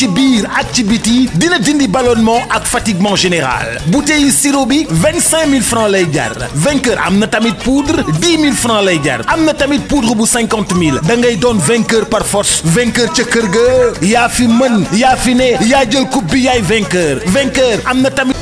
ci biir ak ci biti dina dindi ballonnement ak fatiguement général bouteille sirop bi vingt cinq mille francs lay jar vainqueur am na tamit poudre dix mille francs lay jar am na tamit poudre bu cinquante mille da ngay doon vainqueur par force vainqueur ca kër ga yaa fi mën yaa fi ne yaa jël coupe bi yaay vainqueur vainqueur am na tamit.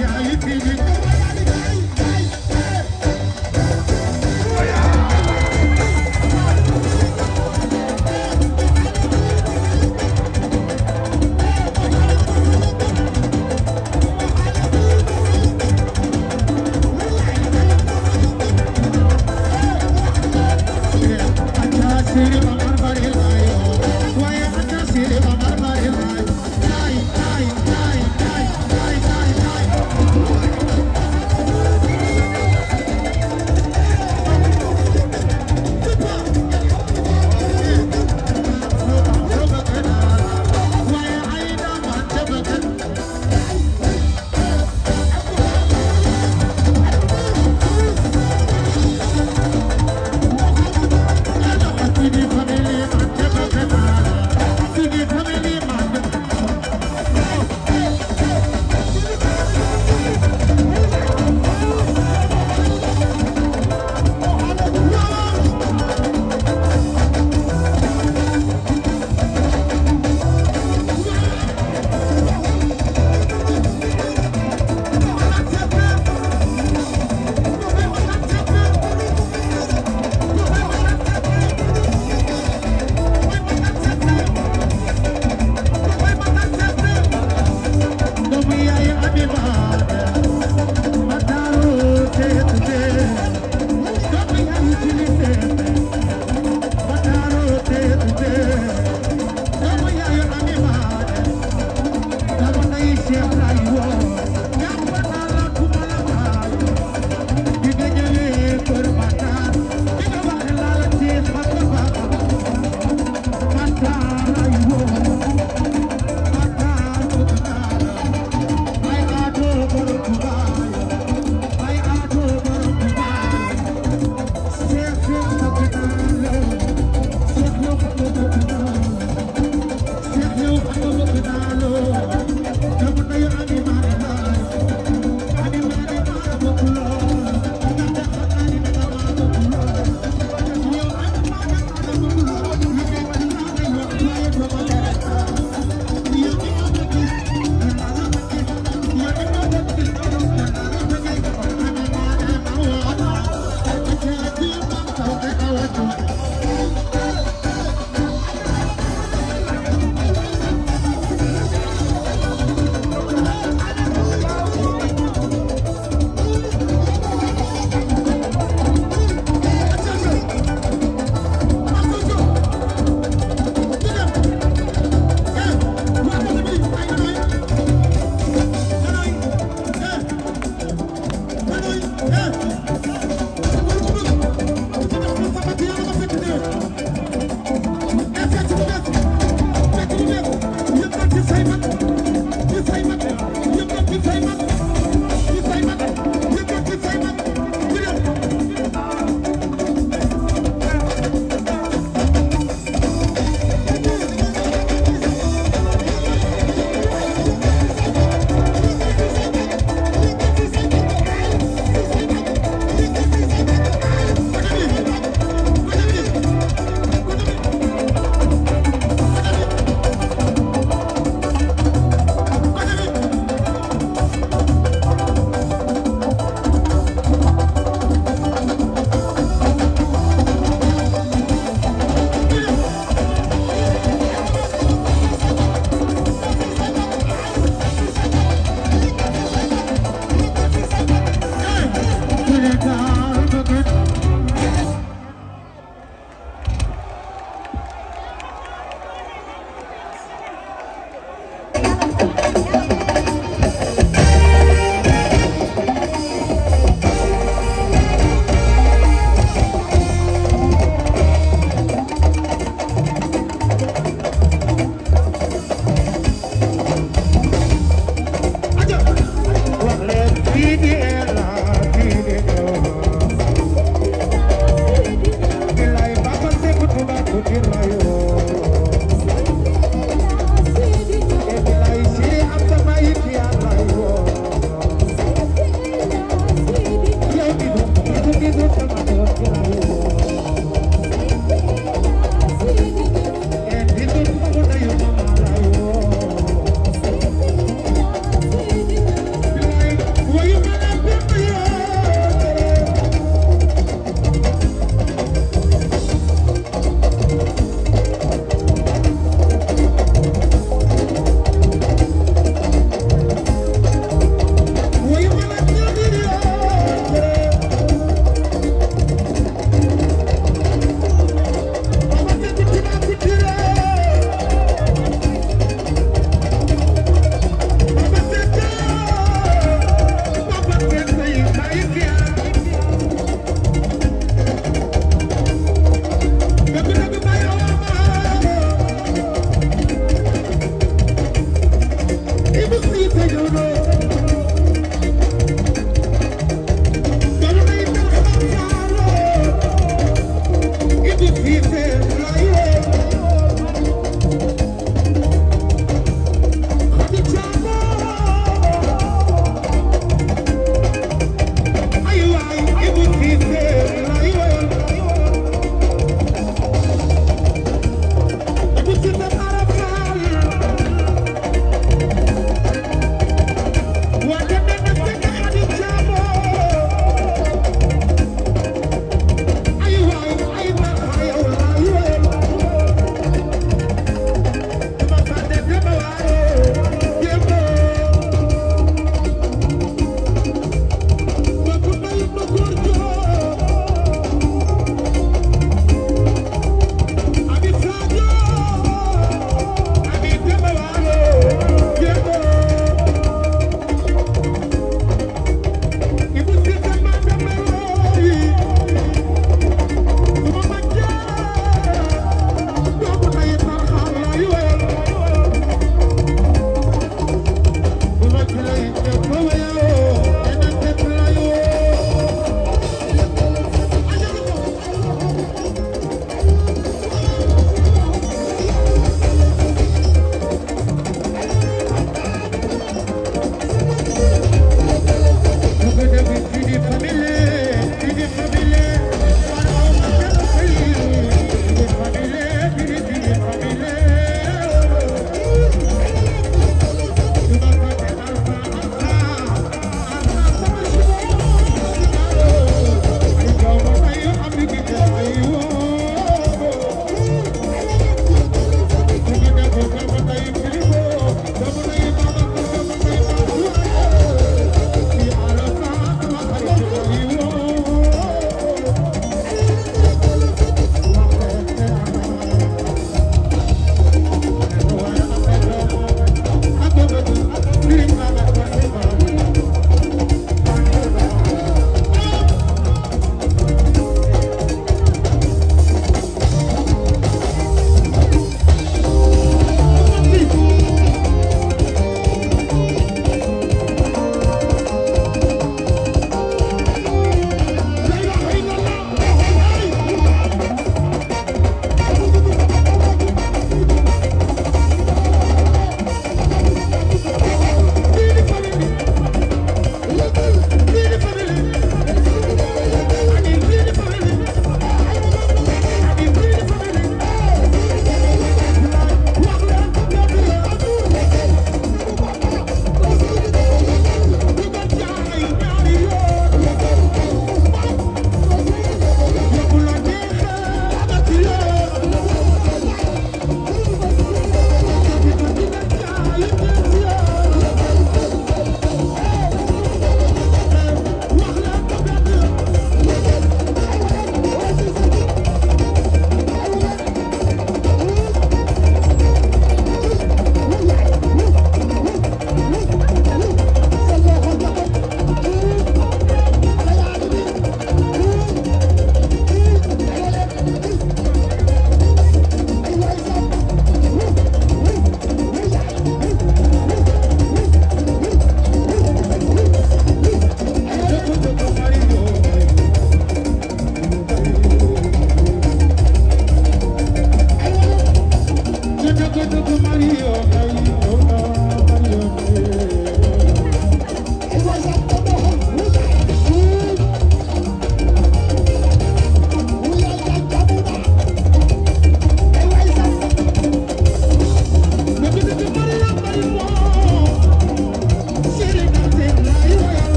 يا عيبي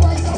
Why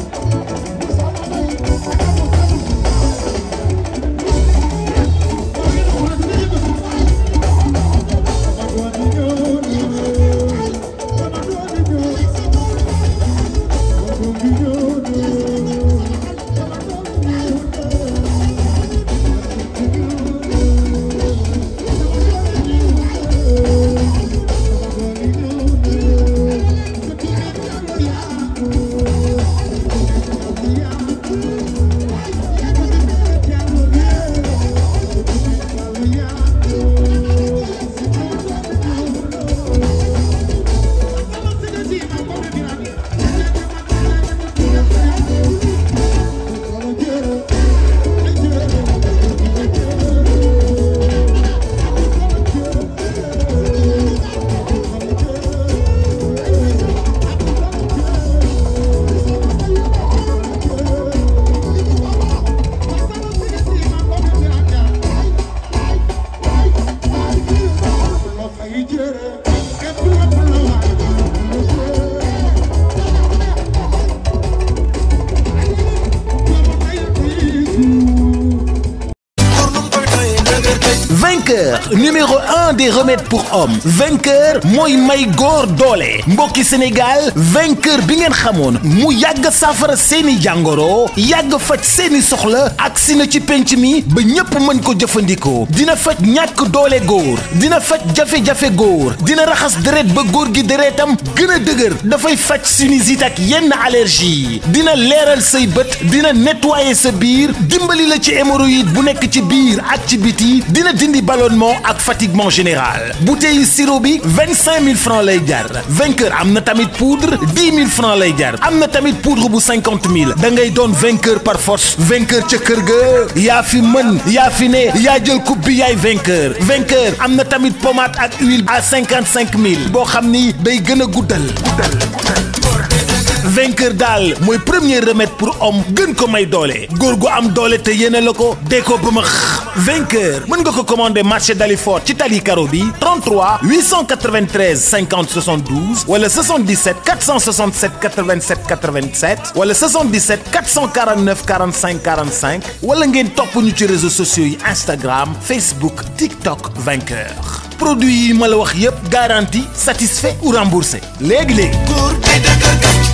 des remèdes pour hommes vainqueur mooy may góor doole mbokki Sénégal vainqueur bi ngeen xamoon mu yàgg saafara seeni jàngoro yàgg faj seeni soxla ak si na ci penc mi ba ñépp mën ko jëfandikoo dina faj ñàkk doole góor dina faj jafe-jafe góor dina raxas deret ba góor gi deretam gën a dëgër dafay faj sinusite ak yenn allergie dina leeral say bët dina nettoyer sa biir dimbali la ci hémorroïde bu nekk ci biir ak ci biti dina dindi ballonnement ak fatiguement général général bouteille sirop bi vingt cinq mille francs lay jar vainqueur am na tamit poudre dix mille francs lay jar am na tamit poudre bu cinquante mille da ngay doon vainqueur par force vainqueur ca kër ga yaa fi mën yaa fi ne yaa jël coupe bi yaay vainqueur vainqueur am na tamit pommade ak huile à cinquante cinq mille boo xam ni day gën a guddal vainqueur daal mooy premier remède pour homme gën ko may doole góor gu am doole te yéene la ko dee ko ba ma vainqueur mën nga ko commander marché Dalifort ci tali karo bi 33 893 50 72 wala 77 467 87 87 wala 77 449 45 45 wala ngeen topp ñu ci réseaux sociaux yi Instagram Facebook TikTok vainqueur produit yi ma la wax yépp garantie satisfait ou remboursé léegi léegi.